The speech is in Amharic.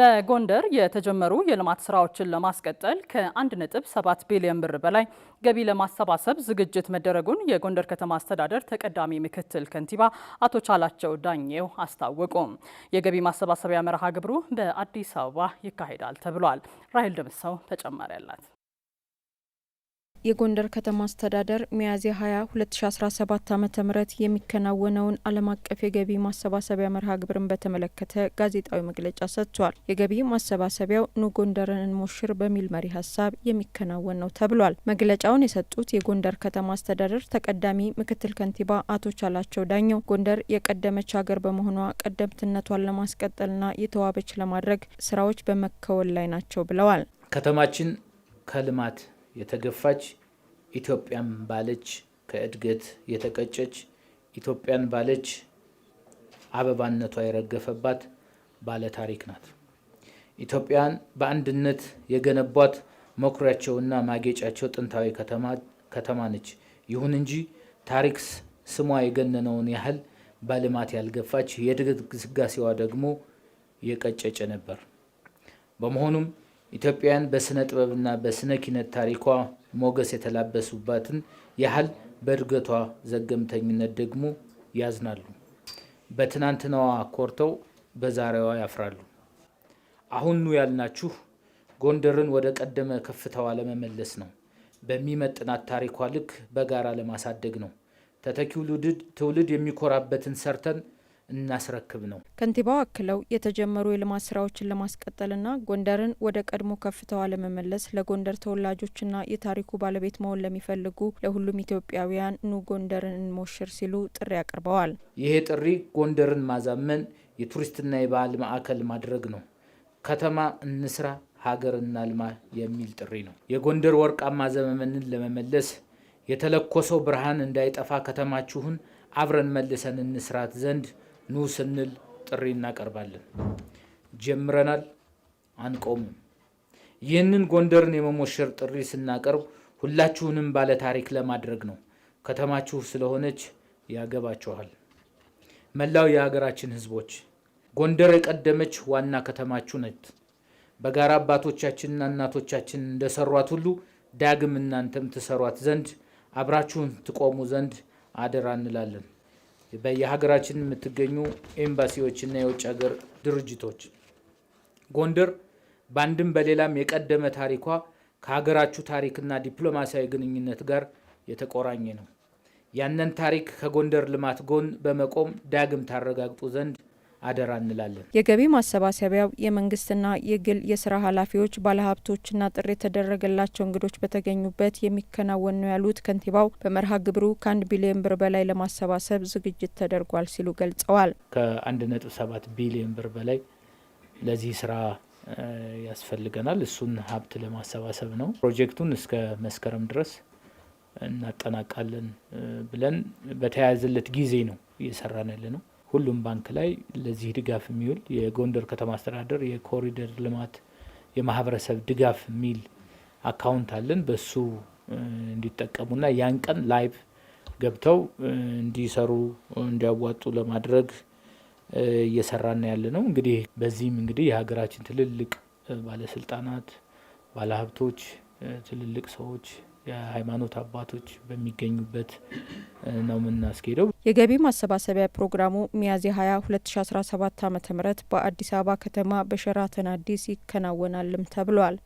በጎንደር የተጀመሩ የልማት ስራዎችን ለማስቀጠል ከ1.7 ቢሊዮን ብር በላይ ገቢ ለማሰባሰብ ዝግጅት መደረጉን የጎንደር ከተማ አስተዳደር ተቀዳሚ ምክትል ከንቲባ አቶ ቻላቸው ዳኘው አስታወቁ። የገቢ ማሰባሰቢያ መርሃ ግብሩ በአዲስ አበባ ይካሄዳል ተብሏል። ራሄል ደምሰው ተጨማሪ አላት። የጎንደር ከተማ አስተዳደር ሚያዝያ 20 2017 ዓ ም የሚከናወነውን ዓለም አቀፍ የገቢ ማሰባሰቢያ መርሃ ግብርን በተመለከተ ጋዜጣዊ መግለጫ ሰጥቷል። የገቢ ማሰባሰቢያው ኑ ጎንደርን እንሞሽር በሚል መሪ ሀሳብ የሚከናወን ነው ተብሏል። መግለጫውን የሰጡት የጎንደር ከተማ አስተዳደር ተቀዳሚ ምክትል ከንቲባ አቶ ቻላቸው ዳኘው ጎንደር የቀደመች ሀገር በመሆኗ ቀደምትነቷን ለማስቀጠልና የተዋበች ለማድረግ ስራዎች በመከወል ላይ ናቸው ብለዋል። ከተማችን ከልማት የተገፋች ኢትዮጵያን ባለች ከእድገት የተቀጨች ኢትዮጵያን ባለች አበባነቷ የረገፈባት ባለ ታሪክ ናት። ኢትዮጵያን በአንድነት የገነቧት መኩሪያቸውና ማጌጫቸው ጥንታዊ ከተማ ነች። ይሁን እንጂ ታሪክ ስሟ የገነነውን ያህል በልማት ያልገፋች፣ የእድገት ግስጋሴዋ ደግሞ የቀጨጨ ነበር። በመሆኑም ኢትዮጵያን በስነ ጥበብና በስነ ኪነት ታሪኳ ሞገስ የተላበሱባትን ያህል በእድገቷ ዘገምተኝነት ደግሞ ያዝናሉ። በትናንትናዋ ኮርተው በዛሬዋ ያፍራሉ። አሁኑ ያልናችሁ ጎንደርን ወደ ቀደመ ከፍታዋ ለመመለስ ነው። በሚመጥናት ታሪኳ ልክ በጋራ ለማሳደግ ነው። ተተኪው ትውልድ የሚኮራበትን ሰርተን እናስረክብ ነው። ከንቲባው አክለው የተጀመሩ የልማት ስራዎችን ለማስቀጠልና ጎንደርን ወደ ቀድሞ ከፍታዋ ለመመለስ ለጎንደር ተወላጆችና የታሪኩ ባለቤት መሆን ለሚፈልጉ ለሁሉም ኢትዮጵያውያን ኑ ጎንደርን እንሞሽር ሲሉ ጥሪ አቅርበዋል። ይሄ ጥሪ ጎንደርን ማዛመን የቱሪስትና የባህል ማዕከል ማድረግ ነው። ከተማ እንስራ ሀገር እናልማ የሚል ጥሪ ነው። የጎንደር ወርቃማ ዘመንን ለመመለስ የተለኮሰው ብርሃን እንዳይጠፋ ከተማችሁን አብረን መልሰን እንስራት ዘንድ ኑ ስንል ጥሪ እናቀርባለን። ጀምረናል፣ አንቆምም። ይህንን ጎንደርን የመሞሸር ጥሪ ስናቀርብ ሁላችሁንም ባለ ታሪክ ለማድረግ ነው። ከተማችሁ ስለሆነች ያገባችኋል። መላው የሀገራችን ህዝቦች ጎንደር የቀደመች ዋና ከተማችሁ ነት። በጋራ አባቶቻችንና እናቶቻችን እንደሰሯት ሁሉ ዳግም እናንተም ትሰሯት ዘንድ አብራችሁን ትቆሙ ዘንድ አደራ እንላለን። በየሀገራችን የምትገኙ ኤምባሲዎችና የውጭ ሀገር ድርጅቶች ጎንደር በአንድም በሌላም የቀደመ ታሪኳ ከሀገራችሁ ታሪክና ዲፕሎማሲያዊ ግንኙነት ጋር የተቆራኘ ነው። ያንን ታሪክ ከጎንደር ልማት ጎን በመቆም ዳግም ታረጋግጡ ዘንድ አደራ እንላለን። የገቢ ማሰባሰቢያው የመንግስትና የግል የስራ ኃላፊዎች፣ ባለሀብቶችና ጥሪ የተደረገላቸው እንግዶች በተገኙበት የሚከናወን ነው ያሉት ከንቲባው በመርሃ ግብሩ ከአንድ ቢሊዮን ብር በላይ ለማሰባሰብ ዝግጅት ተደርጓል ሲሉ ገልጸዋል። ከአንድ ነጥብ ሰባት ቢሊዮን ብር በላይ ለዚህ ስራ ያስፈልገናል። እሱን ሀብት ለማሰባሰብ ነው። ፕሮጀክቱን እስከ መስከረም ድረስ እናጠናቃለን ብለን በተያያዘለት ጊዜ ነው እየሰራን ያለ ነው። ሁሉም ባንክ ላይ ለዚህ ድጋፍ የሚውል የጎንደር ከተማ አስተዳደር የኮሪደር ልማት የማህበረሰብ ድጋፍ የሚል አካውንት አለን። በሱ እንዲጠቀሙና ያን ቀን ላይቭ ገብተው እንዲሰሩ እንዲያዋጡ ለማድረግ እየሰራን ያለ ነው። እንግዲህ በዚህም እንግዲህ የሀገራችን ትልልቅ ባለስልጣናት፣ ባለሀብቶች፣ ትልልቅ ሰዎች፣ የሃይማኖት አባቶች በሚገኙበት ነው የምናስኬደው። የገቢ ማሰባሰቢያ ፕሮግራሙ ሚያዝያ 20 2017 ዓ ም በአዲስ አበባ ከተማ በሸራተን አዲስ ይከናወናልም ተብሏል።